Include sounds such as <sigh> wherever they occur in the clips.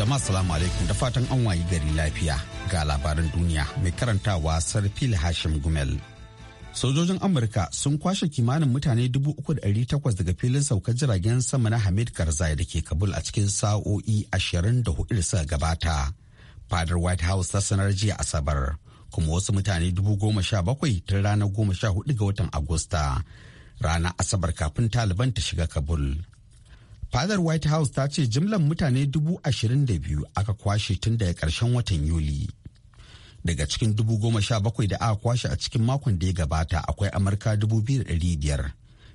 jama'a salamu alaikum da fatan an wayi gari lafiya ga labaran duniya mai karantawa sarfil hashim gumel sojojin amurka sun kwashe kimanin mutane 3,800 daga filin saukar jiragen sama na hamid karzai da ke kabul a cikin sa'o'i 24 da suka gabata fadar white house ta sanar jiya asabar kuma wasu mutane 17,000 tun ranar 14 ga watan agusta ranar asabar kafin taliban ta shiga kabul fadar white house ta ce jimlar mutane dubu aka kwashe tun daga karshen watan yuli daga cikin dubu da aka kwashe a cikin makon da ya gabata akwai amurka 2,500 da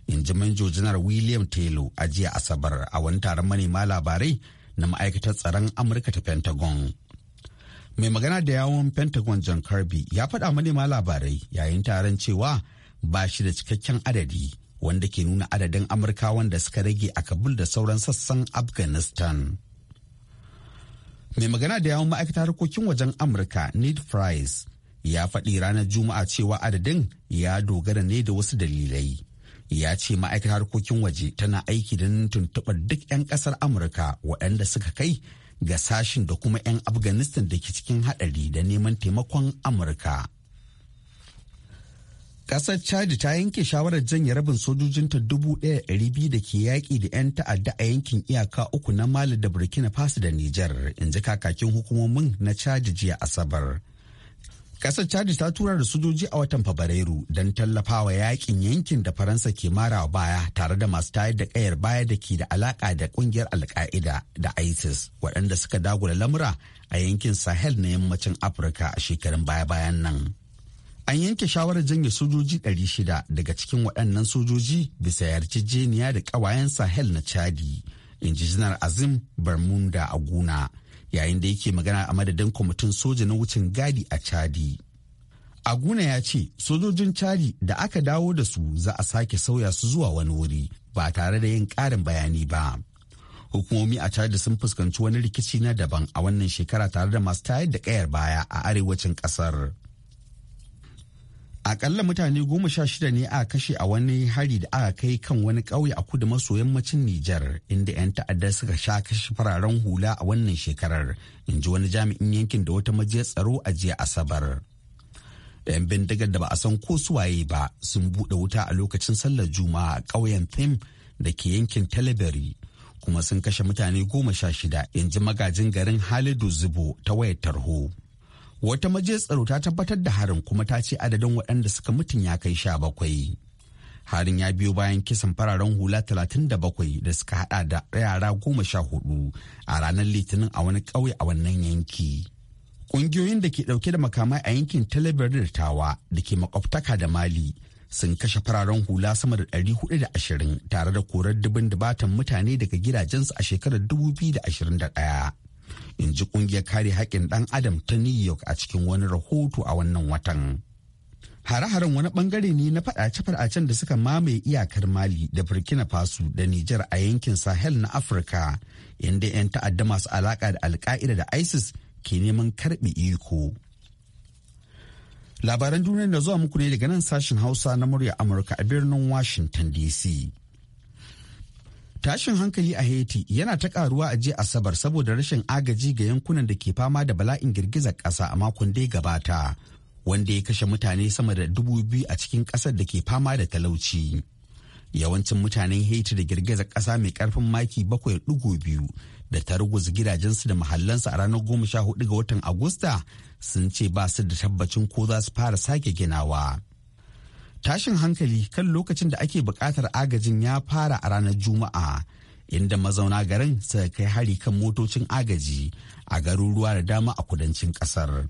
in ji manjo janar william taylor a jiya asabar a wani taron manema labarai na ma'aikatar tsaron amurka ta pentagon mai magana da yawon pentagon john kirby ya faɗa manema labarai yayin taron cewa ba shi da cikakken adadi wanda ke nuna adadin amurka wanda suka rage a kabul da sauran sassan afghanistan mai magana da yawon ma'aikata harkokin wajen amurka need price ya faɗi ranar juma'a cewa adadin ya dogara ne da wasu dalilai ya ce ma'aikatar harkokin waje tana aiki da tuntuɓar duk 'yan ƙasar amurka waɗanda suka kai ga sashin da kuma 'yan afghanistan da ke cikin haɗari da neman taimakon amurka Ƙasar Chad ta yanke shawarar janye rabin sojojinta dubu ɗaya ɗari biyu da ke yaƙi da 'yan ta'adda a yankin iyaka uku na Mali da Burkina Faso da Nijar, in ji kakakin hukumomin na Chad jiya Asabar. Ƙasar Chad ta tura da sojoji a watan Fabrairu don tallafawa yaƙin yankin da Faransa ke mara baya tare da masu tayar da ƙayar baya da ke da alaƙa da ƙungiyar Alƙa'ida da ISIS waɗanda suka dagula lamura a yankin Sahel na yammacin Afirka a shekarun baya-bayan nan. an yanke shawarar janye sojoji 600 daga cikin waɗannan sojoji bisa yarjejeniya da ƙawayen sahel na chadi in ji janar azim Bermuda, a guna yayin da yake magana a madadin kwamitin soja na wucin gadi a chadi A aguna ya ce sojojin chadi da aka dawo da su za a sake sauya su zuwa wani wuri ba tare da yin ƙarin bayani ba hukumomi a chadi sun fuskanci wani rikici na daban a wannan shekara tare da masu tayar da ƙayar baya a arewacin ƙasar. akalla mutane goma sha shida ne aka kashe a wani hari da aka kai kan wani ƙauye a kudu maso yammacin Nijar inda 'yan ta'adda suka sha kashe fararen hula a wannan shekarar in ji wani jami'in yankin da wata majiyar tsaro a jiya Asabar. 'Yan bindigar da ba a san ko suwaye ba sun buɗe wuta a lokacin sallar Juma'a a ƙauyen Fim da ke yankin Talibari kuma sun kashe mutane goma sha shida in ji magajin garin Halidu Zubo ta wayar tarho. wata majiyar tsaro ta tabbatar da harin kuma ta ce adadin waɗanda suka mutum ya kai sha bakwai harin ya biyo bayan kisan fararen hula 37 da suka hada da yara goma sha hudu a ranar litinin a wani ƙauye a wannan yanki ƙungiyoyin da ke ɗauke da makamai a yankin talabar da da ke makwabtaka da mali sun kashe fararen hula sama da 420 tare da korar dubin dubatan mutane daga gidajensu a shekarar 2021 in ji kungiyar kare haƙƙin ɗan adam ta new york a cikin wani rahoto a wannan watan hare-haren wani bangare ne na faɗace-faɗacen da suka mamaye iyakar mali da burkina faso da nijar a yankin sahel na afirka inda 'yan ta'adda masu alaƙa da alka'ida da isis ke neman karɓe iko labaran duniya da zuwa muku ne daga nan sashen hausa na murya amurka a birnin washington dc Tashin hankali a Haiti yana ta karuwa a jiya Asabar saboda rashin agaji ga yankunan da ke fama da bala'in girgizar ƙasa a makon da ya gabata, wanda ya kashe mutane sama da dubu biyu a cikin ƙasar da ke fama da talauci. Yawancin mutanen Haiti da girgizar ƙasa mai ƙarfin maki bakwai ɗigo biyu da ta ruguza gidajensu da mahallansu a ranar goma sha hudu ga watan Agusta sun ce ba su da tabbacin ko za su fara sake ginawa. tashin hankali kan lokacin da ake buƙatar agajin ya fara a ranar juma'a inda mazauna garin suka kai hari kan motocin agaji a garuruwa da dama a kudancin ƙasar.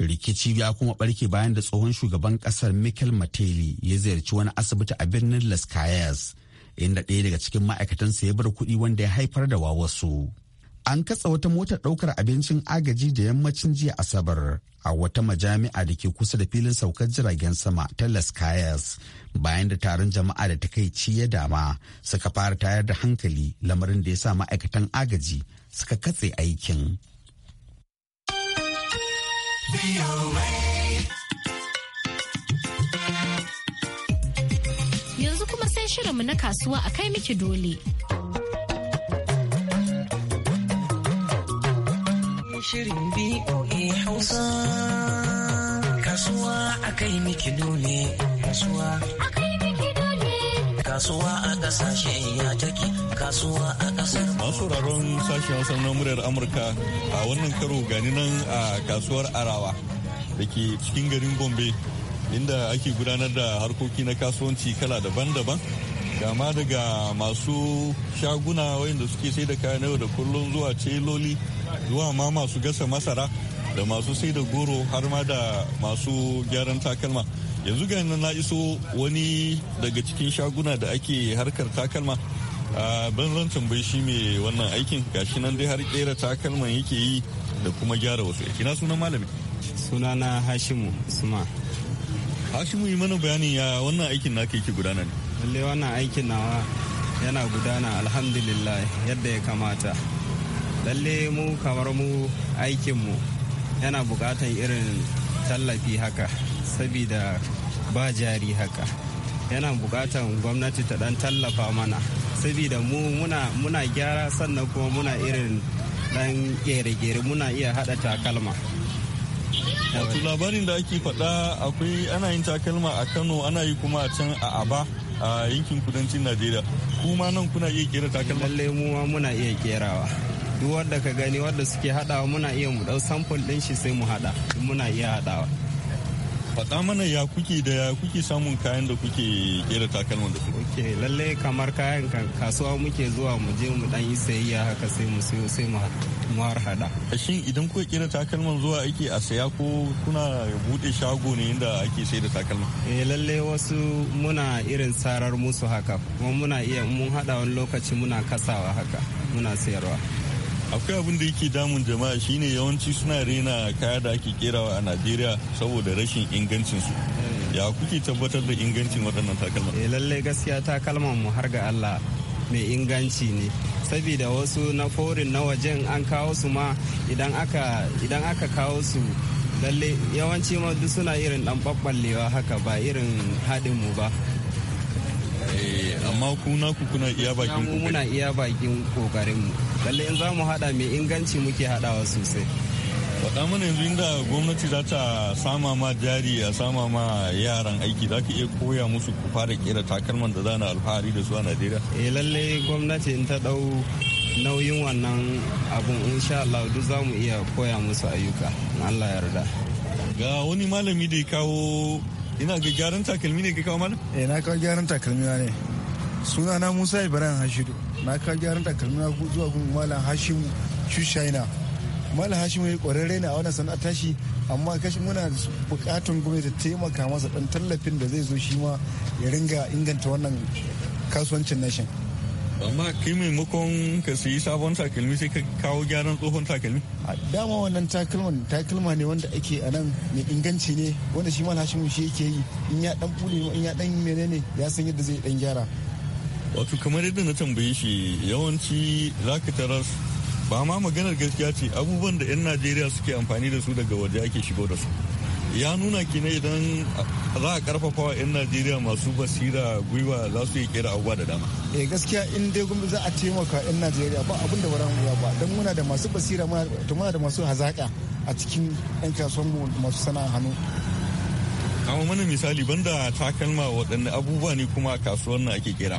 rikici ya kuma barke bayan da tsohon shugaban ƙasar michael mateli ya ziyarci wani asibiti a birnin las inda ɗaya daga cikin ma'aikatansa ya bar kuɗi wanda ya haifar da wasu. an katsa wata motar ɗaukar abincin agaji da yammacin jiya asabar a wata majami'a da ke kusa da filin saukar jiragen sama ta las Cayas bayan da taron jama'a da ta kai ci ya dama suka fara tayar da hankali lamarin da ya sa ma'aikatan agaji suka katse aikin. Yanzu kuma sai shirinmu na kasuwa a kai miki dole. shirin BOA Hausa. Kasuwa a kai miki dole, kasuwa. Kasuwa a kasashe ya take, kasuwa a kasar. Masu sauraron sashen Hausa na muryar Amurka a wannan karo gani nan a kasuwar Arawa da ke cikin garin Gombe inda ake gudanar da harkoki na kasuwanci kala daban-daban kama daga masu shaguna wayanda suke sai da kayan yau da kullum zuwa celoli zuwa ma masu gasa masara da masu sai da goro har ma da masu gyaran takalma yanzu ga na iso wani daga cikin shaguna da ake harkar takalma ban zan tambayi shi mai wannan aikin gashi nan dai har kera takalman yake yi da kuma gyara wasu ina sunan malami sunana hashimu suma hashimu yi mana bayanin ya wannan aikin naka yake gudana ne lalle wannan aikin nawa yana gudana alhamdulillah yadda ya kamata lalle mu kamar mu aikinmu yana bukatan irin tallafi haka sabida ba jari haka yana bukatan gwamnati ta dan tallafa mana sabida mu muna, muna gyara sannan kuma muna irin dan gere-gere muna iya hada takalma wato labarin da ake faɗa akwai ana yin takalma a kano ana yi kuma a can a aba a yankin kudancin najeriya kuma nan kuna iya kera takalma lalle mu ma muna iya kerawa duk wanda ka gani wanda suke hadawa muna iya mu dau sample din shi sai mu hada muna iya hadawa faɗa mana ya kuke da ya kuke samun kayan da kuke kera takalman da kuke ok lalle kamar kayan kan kasuwa muke zuwa mu je mu dan yi sayayya haka sai mu sayo sai mu har hada shin idan kuka kera takalman zuwa ake a saya ko kuna bude shago ne inda ake sai da takalma eh lalle wasu muna irin sarar musu haka kuma muna iya mun hada wani lokaci muna kasawa haka muna sayarwa akwai abin da yake damun jama'a shine yawanci suna rena kaya da ake kerawa a najeriya saboda rashin ingancin su ya kuke tabbatar da ingancin waɗannan takalma eh lallai gaskiya takalman mu har ga allah mai inganci ne saboda wasu na forin na wajen an kawo su ma idan aka idan aka kawo su lalle yawanci ma duk suna irin dan babballewa haka ba irin haɗin mu ba amma ku kuna iya bakin ku muna iya bakin kokarin mu lalle in za mu hada mai inganci muke hadawa sosai faɗa mana yanzu inda gwamnati za ta sama ma jari a sama ma yaran aiki za ka iya koya musu ku fara kera takalman da zana alfahari da su a najeriya eh lalle gwamnati in ta ɗau nauyin wannan abun insha Allah duk za mu iya koya musu ayyuka Allah yarda ga wani malami da ya kawo ina ga gyaran takalmi ne ka kawo mana eh na kawo gyaran takalmi ne sunana musa ibrahim hashidu na ka gyaran takalmina zuwa gun malam hashimu shushaina malam hashimu ya kwararre ne a wannan sana'a tashi amma kashi muna bukatun gwamnati ta taimaka masa dan tallafin da zai zo shi ma ya ringa inganta wannan kasuwancin nashin amma kai maimakon ka sayi sabon takalmi sai ka kawo gyaran tsohon takalmi a dama wannan takalman takalma ne wanda ake a nan mai inganci ne wanda shi malam hashimu shi yake yi in ya dan bude in ya dan menene ya san yadda zai dan gyara wato kamar yadda na tambaye shi yawanci zaka taras ba ma maganar gaskiya ce abubuwan da 'yan najeriya suke amfani da su daga waje ake shigo da su ya nuna ki idan za a karfafa wa 'yan najeriya masu basira gwiwa za su yi kera abubuwa da dama eh gaskiya in dai gumi za a taimaka 'yan najeriya ba abin da bara wuya ba don muna da masu basira muna da masu hazaƙa a cikin 'yan kasuwanmu masu sana'a hannu kama mana misali banda takalma waɗanne abubuwa ne kuma a kasuwar na ake kera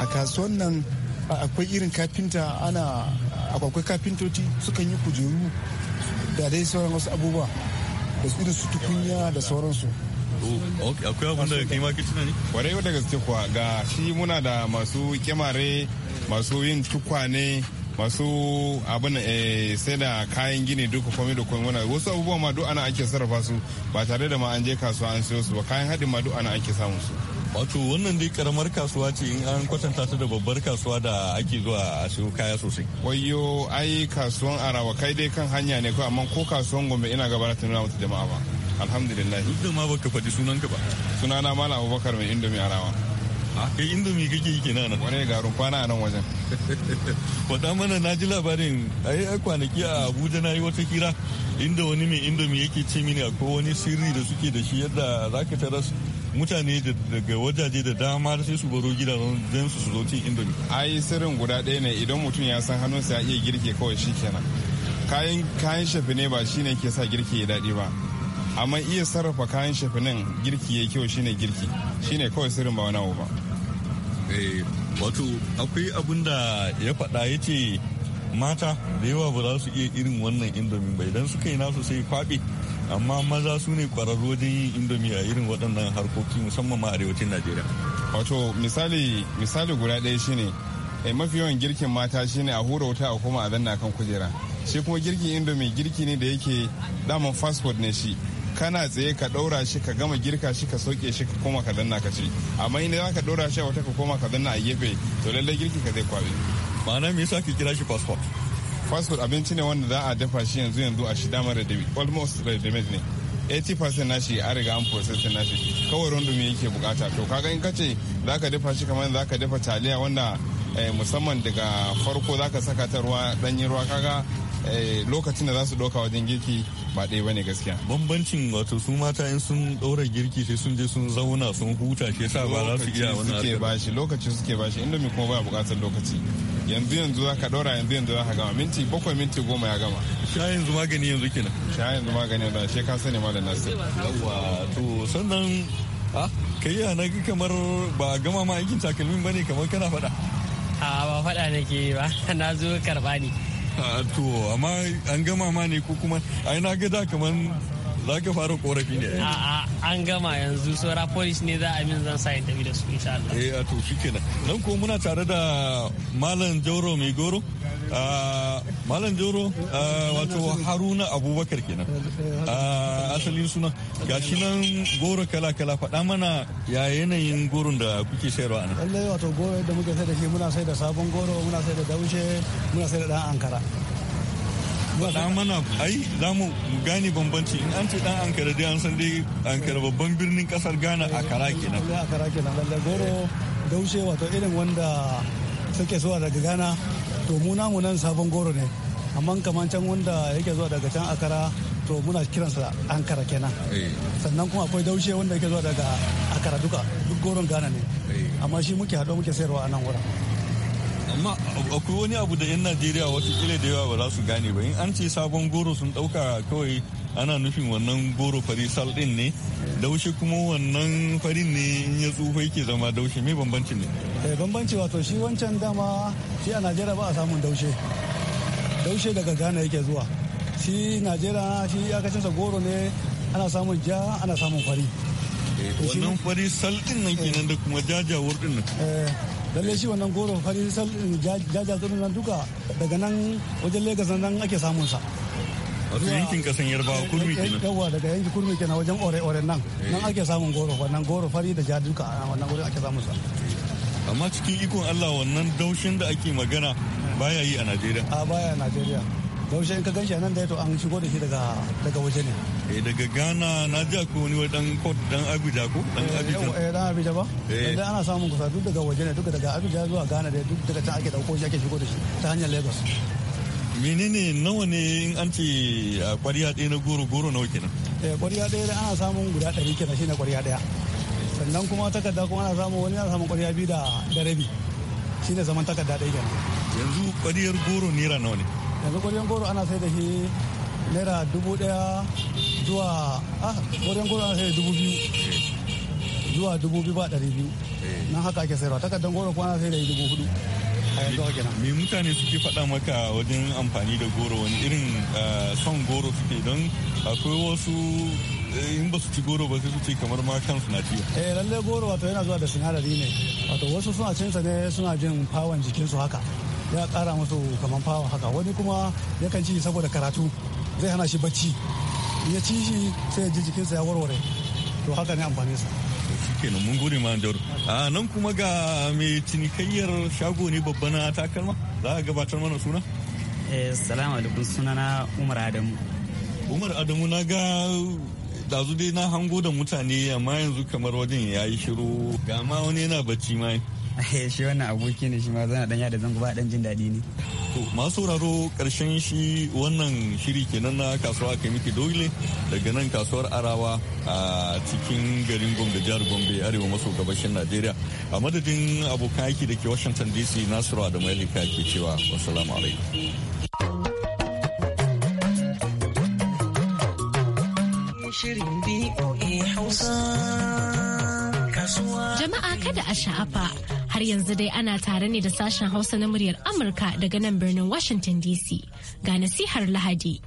a kasuwan nan akwai irin kafinta ana akwai kafintoci sukan yi kujeru da dai sauran wasu abubuwa da irin su tukunya da sauransu oh, akwai abin da kai ma tunani ne kwarai da gaske kuwa ga shi muna da masu kyamare masu yin tukwane masu abin eh, sai da kayan gini duka komai da komai wani wasu abubuwa ma duk ana ake sarrafa su ba tare da ma an je kasuwa an siyo su ba kayan haɗin ma duk ana ake samun su wato wannan dai karamar kasuwa ce in an kwatanta ta da babbar kasuwa da ake zuwa a siyo kaya sosai wayo ai kasuwan arawa kai dai kan hanya ne kawai amma ko kasuwan gombe ina gaba ta nuna mata jama'a ba alhamdulillah duk da ma baka faɗi sunan ka ba sunana mala abubakar mai indomi arawa a kai indomi kake yi kenan nan wani garin kwana a nan wajen <laughs> faɗa mana na ji labarin ai kwanaki a abuja na yi wata hira inda wani mai indomi yake ce mini akwai wani sirri da suke da shi yadda za ka taras mutane daga wajaje da dama sai su baro gidajen su su zo cin indomi ai sirrin guda ɗaya ne idan mutum ya san hannunsa ya iya girke kawai shi kenan kayan kayan shafi ne ba shine ke sa girki ya daɗi ba amma iya sarrafa kayan shafinin girki ya kyau shine girki shine kawai sirrin ba wani abu ba eh, wato akwai abin da ya faɗa ya ce mata da yawa ba za su iya irin wannan indomi ba idan suka yi nasu sai kwaɓe amma maza su ne kwararru wajen yin indomi a irin waɗannan harkoki musamman ma arewacin najeriya wato misali misali guda ɗaya shine a eh, mafi yawan girkin mata shine a hura wuta a koma a danna kan kujera shi kuma girkin indomi girki ne da yake daman fast food ne shi kana tsaye ka ɗaura shi ka gama girka shi ka sauke shi ka koma ka danna ka ci amma inda za ka ɗaura shi a wata ka koma ka danna a gefe to lallai girki ka zai kwabe ma'ana me yasa ka kira shi fast food fast food abinci ne wanda za a dafa shi yanzu yanzu a shi damar da almost ready made ne 80% nashi a riga an processing nashi kawai rundumi yake bukata to kaga in kace zaka dafa shi kamar zaka dafa taliya wanda Eh, musamman daga farko ka saka ta ruwa danyen ruwa kaga eh, lokacin da za su ɗauka wajen girki ba ɗaya bane gaskiya. Bambancin wato su mata in sun ɗora girki sai sun je sun zauna sun huta shi yasa ba za su iya wani suke bashi lokaci suke bashi indomi kuma baya buƙatar lokaci. Yanzu yanzu za ka ɗora yanzu yanzu za ka gama minti bakwai minti goma ya gama. Sha yanzu magani yanzu kenan. Sha yanzu magani yanzu shi ka sani malam Nasir. Yawwa to sannan ah, ka yi na kamar ba gama ma aikin takalmin bane kamar kana faɗa. a ba faɗa nake ba na zo karɓa ne to amma an gama ma ne ko kuma ai na gada kamar za ka fara korafi ne a an gama yanzu saura polish ne za a min zan sa in da su insha Allah eh a to shikenan nan ko muna tare da malam Jauro mai goro ah, malam Jauro ah, wato Haruna Abubakar kenan ah, asalin suna gashi nan goro kala kala faɗa mana ya yanayin goron da kuke sayarwa anan lallai wato goro da muke sai da shi muna sai da sabon goro muna sai da daushe muna sai da dan ankara faɗa mana ai za mu gane bambanci in an ce dan ankara dai an san dai ankara babban birnin kasar ghana a kara kenan a kara kenan lalle goro gaushe wato irin wanda suke zuwa daga ghana to mu namu nan sabon goro ne amma kaman can wanda yake zuwa daga can akara to muna kiransa ankara kenan eh. sannan kuma akwai daushe wanda yake zuwa daga akara duka duk goron ghana ne eh. amma shi muke haɗo muke sayarwa a nan wurin amma akwai wani abu da 'yan najeriya watakila da yawa ba za su gane ba in an ce sabon goro sun dauka kawai ana nufin wannan goro fari sal din ne daushe kuma wannan farin ne in ya tsufa yake zama daushe mai bambanci ne eh, bambanci wato shi wancan dama shi a najeriya ba a samun daushe daushe daga ghana yake zuwa shi najeriya shi iyakacinsa goro ne ana samun ja ana samun fari eh, wannan fari sal din nan kenan da kuma jajawar din nan eh, lallai shi wannan goro fari eh, jaja tsirin nan duka daga nan wajen legas nan ake samun sa wato yankin kasan yarbawa eh, kurmi eh, kenan yawa daga yankin kurmi kenan wajen ore ore nan nan ake samun goro wannan goro fari da ja duka wannan gurin ake samun sa amma cikin ikon Allah wannan daushin da ake magana baya yi a Najeriya a baya a Najeriya gaushe in ka gan nan da to an shigo da shi daga daga waje ne eh daga Ghana na ji ko wai dan kot dan Abuja ko dan eh, Abuja eh dan Abuja ba eh ana samun kusa duk daga waje ne duk daga Abuja zuwa Ghana da duk daga ta ake dauko shi ake shigo da shi ta hanyar Lagos menene nawa ne in an ce kwariya ɗaya na goro goro nawa kenan eh kwariya ɗaya ana samun guda ɗari kenan shine kwariya ɗaya sannan kuma takarda kuma ana samun wani ana samun kwariya biyu da da rabi shine zaman takarda ɗaya kenan yanzu kwariyar goro naira nawa ne yanzu ƙwaryen goro ana sai da shi naira dubu daya zuwa ah ƙwaryen goro ana sai da dubu biyu zuwa dubu biyu ba dari biyu eh. nan haka ake sayarwa takardar goro kuma ana sai da dubu hudu me mutane suke faɗa maka wajen amfani da goro wani irin ah, son goro suke don akwai wasu eh, in ba su ci goro ba sai su ce kamar ma kansu na ciwo. eh lalle goro wato yana zuwa da sinadari ne wato wasu suna cin sa ne suna jin fawon jikinsu haka ya kara musu kamar fawa haka wani kuma yakan ci saboda karatu zai hana shi bacci ya ci shi sai ya ji jikinsa ya warware to haka ne amfani sa kenan mun gode ma jaru a nan kuma ga mai cinikayyar shago ne babba na takalma za a gabatar mana suna eh salamu alaikum sunana umar adamu umar adamu na ga dazu dai na hango da mutane amma yanzu kamar wajen ya yi shiru ga ma wani yana bacci ma <laughs> Eh, shi wannan aboki ne shi ma zana dan da zango ba dan jin daɗi ne to masu sauraro ƙarshen shi wannan shiri kenan na kasuwa kai miki dole daga nan kasuwar arawa a cikin garin gombe jihar gombe arewa maso gabashin najeriya a madadin abokan aiki da ke washington dc nasiru adamu yalika ke cewa wasalamu alaikum Jama'a kada a sha'afa Har yanzu dai ana tare ne da sashen Hausa na muryar Amurka daga nan birnin Washington DC ga nasihar Lahadi.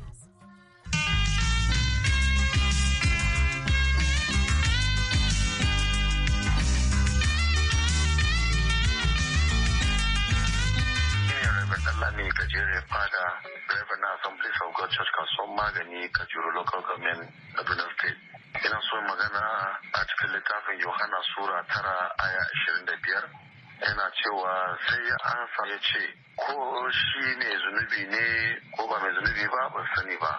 Gajere fada, Reverend na Assemblies of Church Council magani Kajuru Local Government Kaduna State. Ina so magana a cikin littafin Yohana Sura tara aya ashirin da biyar yana cewa sai ya ansa ya ce ko shi ne zunubi ne ko ba mai zunubi ba ban sani ba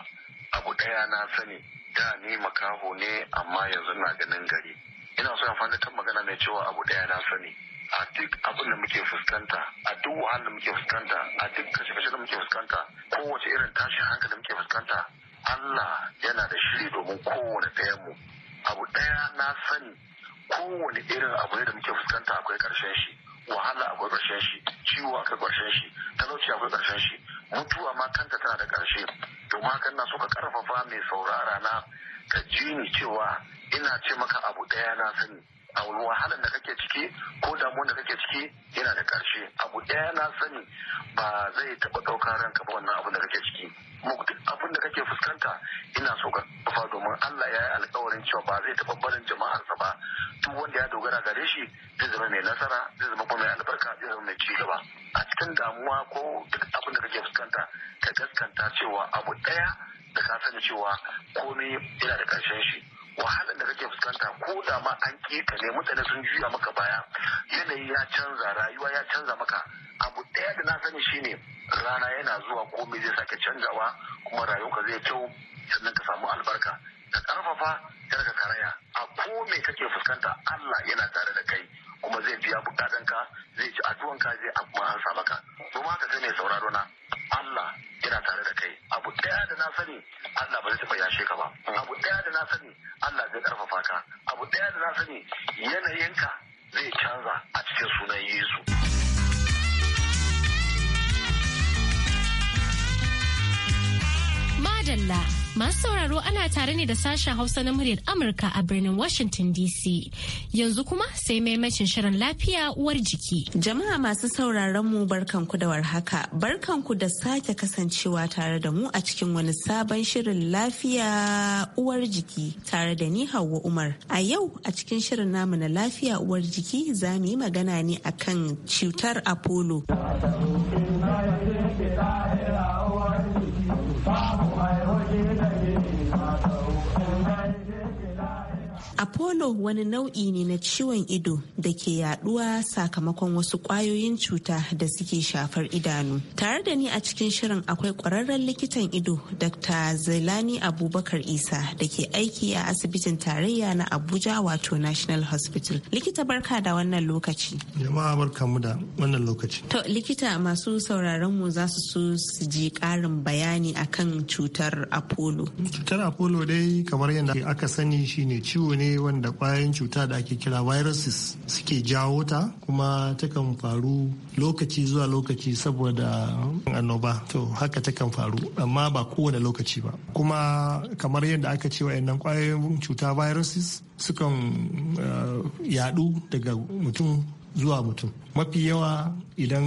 abu ɗaya na sani da ni makaho ne amma yanzu na ganin gari ina so amfani da kan magana mai cewa abu ɗaya na sani a duk abin da muke fuskanta a duk wahalar da muke fuskanta a duk kashe-kashe da muke fuskanta kowace irin tashin hankali da muke fuskanta Allah yana da shiri domin kowane ɗayan mu abu ɗaya na sani kowane irin abu ne da muke fuskanta akwai ƙarshen shi wahala akwai ƙarshen shi ciwo akwai ƙarshen shi talauci akwai ƙarshen shi mutuwa ma kanta tana da ƙarshe to ma kan na suka ƙarfafa mai saurara na ka ji ni cewa ina ce maka abu ɗaya na sani a wahalar da kake ciki ko damuwar da kake ciki yana da ƙarshe abu ɗaya na sani ba zai taɓa ɗaukar ranka ba wannan abu da kake ciki duk ake fuskanta ina so ka kafa domin Allah ya yi alkawarin cewa ba zai taɓa barin jama'arsa ba duk wanda ya dogara gare shi zai zama mai nasara zai zama kuma mai albarka zai zama mai cigaba a cikin damuwa ko abin da kake fuskanta ka gaskanta cewa abu ɗaya da ka sani cewa komai yana da ƙarshen shi wahalar da kake fuskanta ko da ma an keta ne mutane sun juya maka baya yanayi ya canza rayuwa ya canza maka abu ɗaya da na sani shine rana yana zuwa komai zai sake canjawa kuma rayuwarka zai kyau sannan ka samu albarka ka karfafa kar ka karaya a ko me kake fuskanta Allah yana tare da kai kuma zai biya ka zai ci addu'anka zai kuma hansa maka kuma ka sai sauraro na Allah yana tare da kai abu daya da na sani Allah ba zai taba yashe ka ba abu daya da na sani Allah zai karfafa ka abu daya da na sani yanayinka zai canza a cikin sunan Yesu. Madalla masu sauraro ana tare ne da sashen Hausa na muryar Amurka a birnin Washington DC. Yanzu kuma sai maimacin shirin lafiya uwar jiki. Jama'a masu sauraron mu barkanku da warhaka. Barkanku da sake kasancewa tare da mu a cikin wani sabon shirin lafiya uwar jiki tare da ni Hauwa Umar. A yau a cikin shirin namu na lafiya uwar jiki za mu yi magana ne akan cutar Apollo. Apollo wani nau'i ne na ciwon ido da ke yaduwa sakamakon wasu kwayoyin cuta da suke shafar idanu. Tare da ni a cikin shirin akwai kwararren likitan ido Dr. Zailani Abubakar Isa da ke aiki a asibitin tarayya na Abuja wato National Hospital. Likita barka da wannan lokaci. Jama'a barka mu da wannan lokaci. To likita masu sauraron mu za su so su ji karin bayani akan cutar Apollo. Cutar Apollo dai kamar yadda aka sani shine ciwo ne wanda kwayoyin cuta da ake kira viruses suke jawo ta kuma takan faru lokaci zuwa lokaci saboda annoba to haka takan faru amma ba kowane lokaci ba kuma kamar yadda aka ce wa'annan kwayoyin cuta viruses sukan eh, yadu daga mutum zuwa mutum mafi yawa idan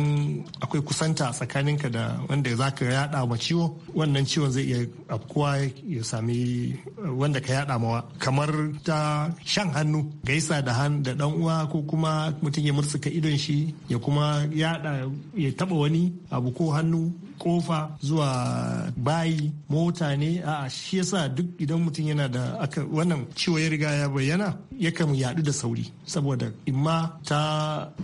akwai kusanta tsakaninka da wanda za ka yada ma ciwo wannan ciwon zai iya afkuwa ya sami wanda ka yada mawa kamar ta shan hannu gaisa da han da dan uwa ko kuma mutum ya murtsuka idon shi ya kuma yada ya taba wani abu ko hannu kofa zuwa bayi mota ne a shi yasa duk idan mutum yana da aka wannan ciwo ya riga ya bayyana yakan yadu da sauri saboda imma ta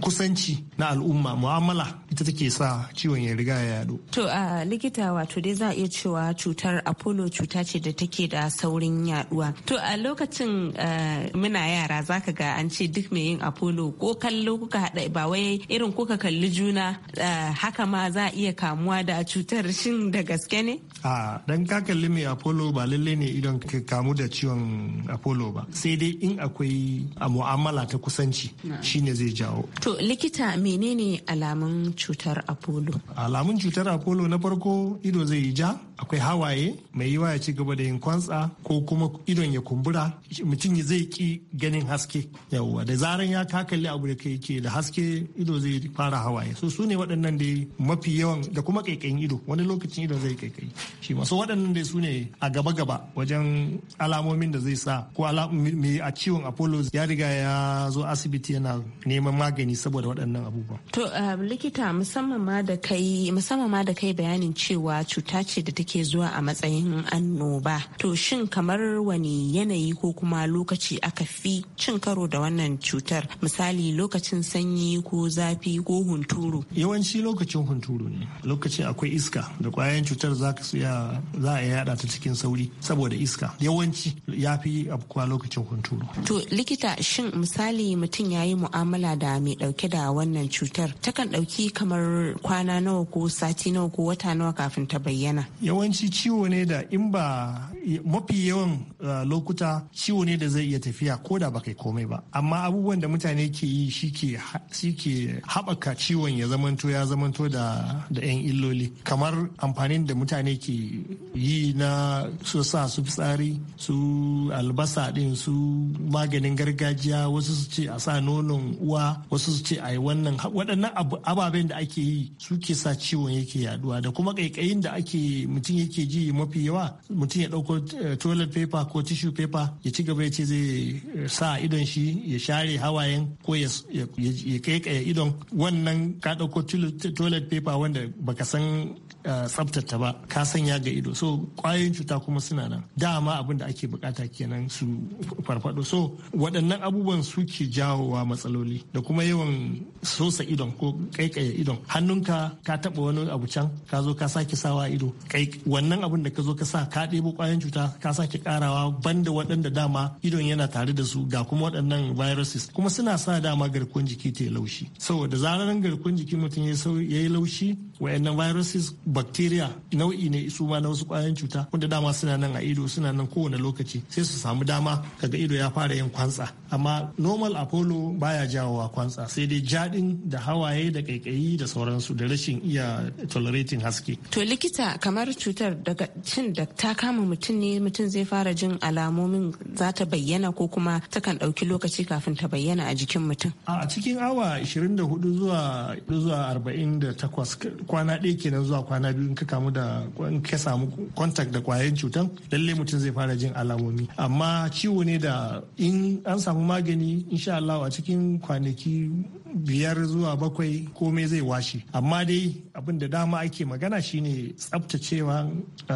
kusanci na al'umma mu'amala ita take sa ciwon ya riga ya yado. To a likita wato dai za a iya cewa cutar Apollo cuta ce da take da saurin yaduwa. To a lokacin eh, muna yara zaka ga an ce duk mai yin Apollo ko kallo kuka haɗa ba wai irin kuka kalli juna eh, haka ma za a iya kamuwa da cutar shin da gaske ne? A dan ka kalli mai Apollo ba lalle ne idan ka kamu da ciwon Apollo ba. Sai dai in akwai a mu'amala ta kusanci shine zai jawo. To likita likita menene alamun cutar apollo alamun cutar apollo na farko ido zai yi ja akwai hawaye mai yiwa ya ci gaba da yin kwantsa ko kuma idon ya kumbura mutum zai ki ganin haske yawwa da zaran ya kakalli abu da kai ke da haske ido zai fara hawaye so su ne waɗannan da mafi yawan da kuma kaikayin ido wani lokacin ido zai kaikayi shi ma so waɗannan da su ne a gaba gaba wajen alamomin da zai sa ko me a ciwon apollo ya riga ya zo asibiti yana neman magani saboda waɗannan waɗannan abubuwan. To um, likita musamman ma da kai bayanin cewa cuta ce da take zuwa a matsayin annoba. To shin kamar wani yanayi ko kuma lokaci aka fi cin karo da wannan cutar misali lokacin sanyi ko zafi ko hunturu. Yawanci lokacin hunturu ne lokacin akwai iska da kwayan cutar za a yada ta cikin sauri saboda iska yawanci ya fi afkuwa lokacin hunturu. To likita shin misali mutum ya yi mu'amala da mai ɗauke da wannan cutar takan ɗauki kamar kwana nawa ko sati nawa ko wata nawa kafin ta bayyana yawanci ciwo ne da in ba mafi yawan eh, lokuta ciwo ne da zai iya tafiya ko da bakai komai ba amma abubuwan da mutane ke yi shi ke haɓaka ciwon ya zamanto ya zamanto da 'yan illoli kamar amfanin da mutane ke yi na su sa su fitsari su albasa ɗin su maganin gargajiya wasu su ce a sa nonon uwa wasu su ce a yi wannan waɗannan ababen da ake yi su ke sa ciwon yake yaduwa da kuma ƙaiƙayin da ake mutum yake ji mafi yawa mutum ya ɗauko eh, toilet paper ko tissue paper ya ci gaba ya ce zai eh, sa idon shi ya share hawayen ko ya ƙaiƙaya idon wannan ka ɗauko toilet paper wanda baka san tsaftata ba ka sanya ga ido so kwayoyin cuta kuma suna nan dama abin da ake bukata kenan su farfado so waɗannan abubuwan suke jawowa matsaloli da kuma yawan sosa idon ko kaikaye idon hannunka ka taɓa wani abu can ka zo ka sake sawa ido kai wannan abin da ka zo ka sa ka ɗebo kwayoyin cuta ka sake karawa banda waɗanda dama idon yana tare da su ga kuma waɗannan viruses kuma suna sa dama garkuwar jiki ta yi laushi saboda zarar garkuwar jiki mutum ya yi laushi waɗannan viruses bacteria nau'i ne su ma na wasu kwayan cuta wanda dama suna nan a ido suna nan kowane lokaci sai su samu dama kaga ido ya fara yin kwantsa amma normal apollo baya jawowa kwantsa sai dai jadin da hawaye da kaikayi da sauransu da rashin iya tolerating haske to likita kamar cutar daga cin da ta kama mutum ne mutum zai fara jin alamomin za ta bayyana ko kuma takan ɗauki lokaci kafin ta bayyana a jikin mutum a cikin awa 24 zuwa zuwa 48 kwana ɗaya kenan zuwa kwana kwana biyu in ka kamu da in ka samu kontak da kwayan cutan lalle mutum zai fara jin alamomi amma ciwo ne da in an samu magani insha Allah a cikin kwanaki biyar zuwa bakwai komai zai washe amma dai abin da dama ake magana shine tsaftacewa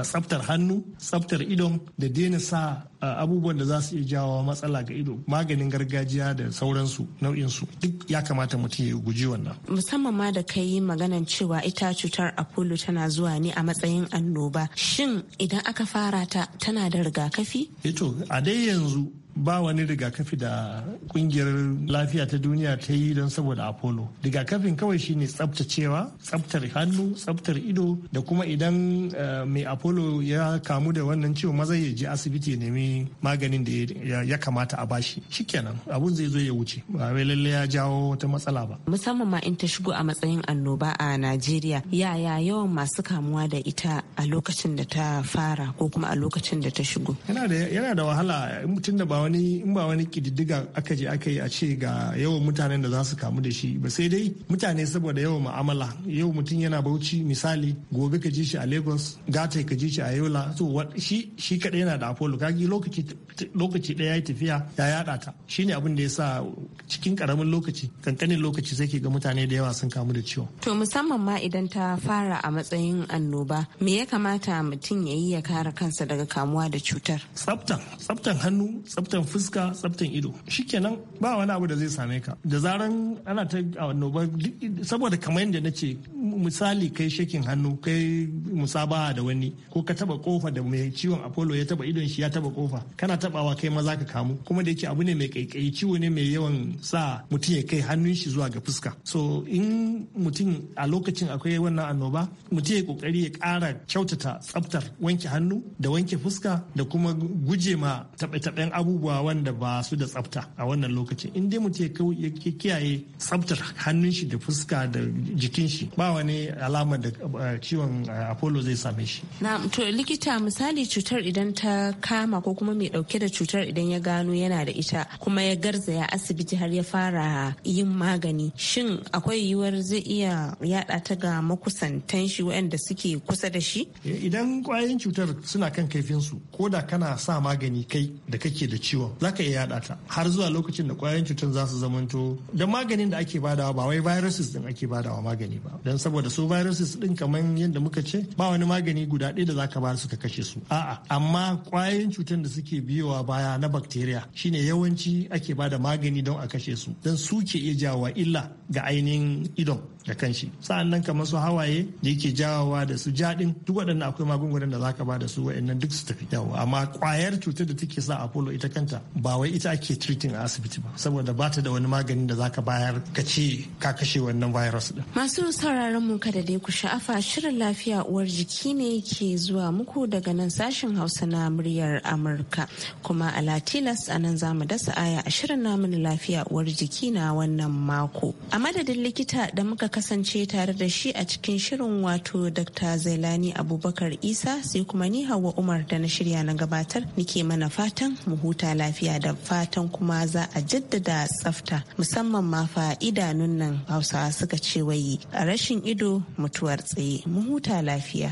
tsaftar hannu tsaftar idon da daina sa abubuwan da za su iya jawo matsala ga ido maganin gargajiya da sauransu nau'insu duk ya kamata mutum ya guji wannan musamman ma da kai yi maganan cewa ita cutar apollo tana zuwa ne a matsayin annoba shin idan aka fara ta tana da rigakafi? Eh to a dai yanzu ba wani rigakafi da kungiyar lafiya ta duniya ta yi don saboda apollo rigakafin kawai shine tsabtacewa tsabtar hannu tsabtar ido da kuma idan eh, mai apollo ya kamu da wannan ciwo maza ya je asibiti ya nemi maganin da ya kamata a bashi shikenan abun zai zo ya wuce ba wai lalle ya jawo wata matsala ba musamman ma in ta shigo a matsayin annoba a najeriya yaya yawan masu kamuwa da ita a lokacin da ta fara ko kuma a lokacin da ta shigo yana da wahala mutum da ba wani in ba wani kididdiga aka je aka yi a ce ga yawan mutanen da za su kamu da shi ba sai dai mutane saboda yawan mu'amala yau mutum yana bauchi misali gobe ka ji shi a lagos gata ka ji shi a yola to shi shi kadai yana da apollo kagi lokaci lokaci daya ya tafiya ya yada ta shine abin da ya sa cikin karamin lokaci kankanin lokaci sai ke ga mutane da yawa sun kamu da ciwon to musamman ma idan ta fara a matsayin annoba me ya kamata mutum ya yi ya kare kansa daga kamuwa da cutar tsaftan tsaftan hannu tsaftan tsaftan fuska tsaftan ido shikenan ba wani abu da zai same ka da zaran ana ta annoba saboda kamar yadda na ce misali kai shakin hannu kai musabaha da wani ko ka taba kofa da mai ciwon apollo ya taba idon shi ya taba kofa kana tabawa kai maza ka kamu kuma da yake abu ne mai kaikayi ciwo ne mai yawan sa mutum ya kai hannun shi zuwa ga fuska so in mutum a lokacin akwai wannan annoba mutum ya kokari ya kara kyautata tsaftar wanke hannu da wanke fuska da kuma guje ma taɓe-taɓen abubuwa abubuwa wanda ba su da tsafta a wannan lokacin in dai mutum ya kiyaye tsaftar hannun shi da fuska da jikin shi ba wani alama da eh, ciwon eh, apollo zai same shi na to likita misali cutar idan ta kama ko kuma mai dauke da cutar idan ya gano yana da ita kuma ya garzaya asibiti har ya fara yin magani shin akwai yiwuwar zai iya yada ta ga makusantan shi waɗanda suke kusa da shi eh, idan kwayoyin cutar suna kan kaifin su ko da kana sa magani kai da kake da ciwo ciwon zaka iya yada ta har zuwa lokacin da kwayoyin cutar za su zamanto da maganin da ake badawa ba wai viruses din ake badawa magani ba don saboda su viruses din kamar yadda muka ce ba wani magani guda ɗaya da zaka ba su ka kashe su a'a amma kwayoyin cutar da suke biyowa baya na bacteria shine yawanci ake bada magani don a kashe su don su ke iya wa illa ga ainihin idon da kanshi sa'an nan kamar su hawaye da yake jawowa da su jaɗin duk waɗannan akwai magungunan da zaka ba da su waɗannan duk su tafi yawa amma kwayar cutar da take sa apollo ita kan kanta ba wai ita ake treating a asibiti ba saboda ba ta da wani magani da zaka bayar ka ce ka kashe wannan virus din masu sauraron mu kada dai ku sha'afa shirin lafiya uwar jiki ne ke zuwa muku daga nan sashen hausa na muryar amurka kuma a latilas a nan zamu dasa aya a shirin namu na lafiya uwar jiki na wannan mako a madadin likita da muka kasance tare da shi a cikin shirin wato dr zailani abubakar isa sai kuma ni hawa umar da na shirya na gabatar nike mana fatan mu huta huta lafiya da fatan kuma za a jaddada tsafta musamman ma fa idanun nan hausawa suka ce wayi a rashin ido mutuwar tsaye mu huta lafiya.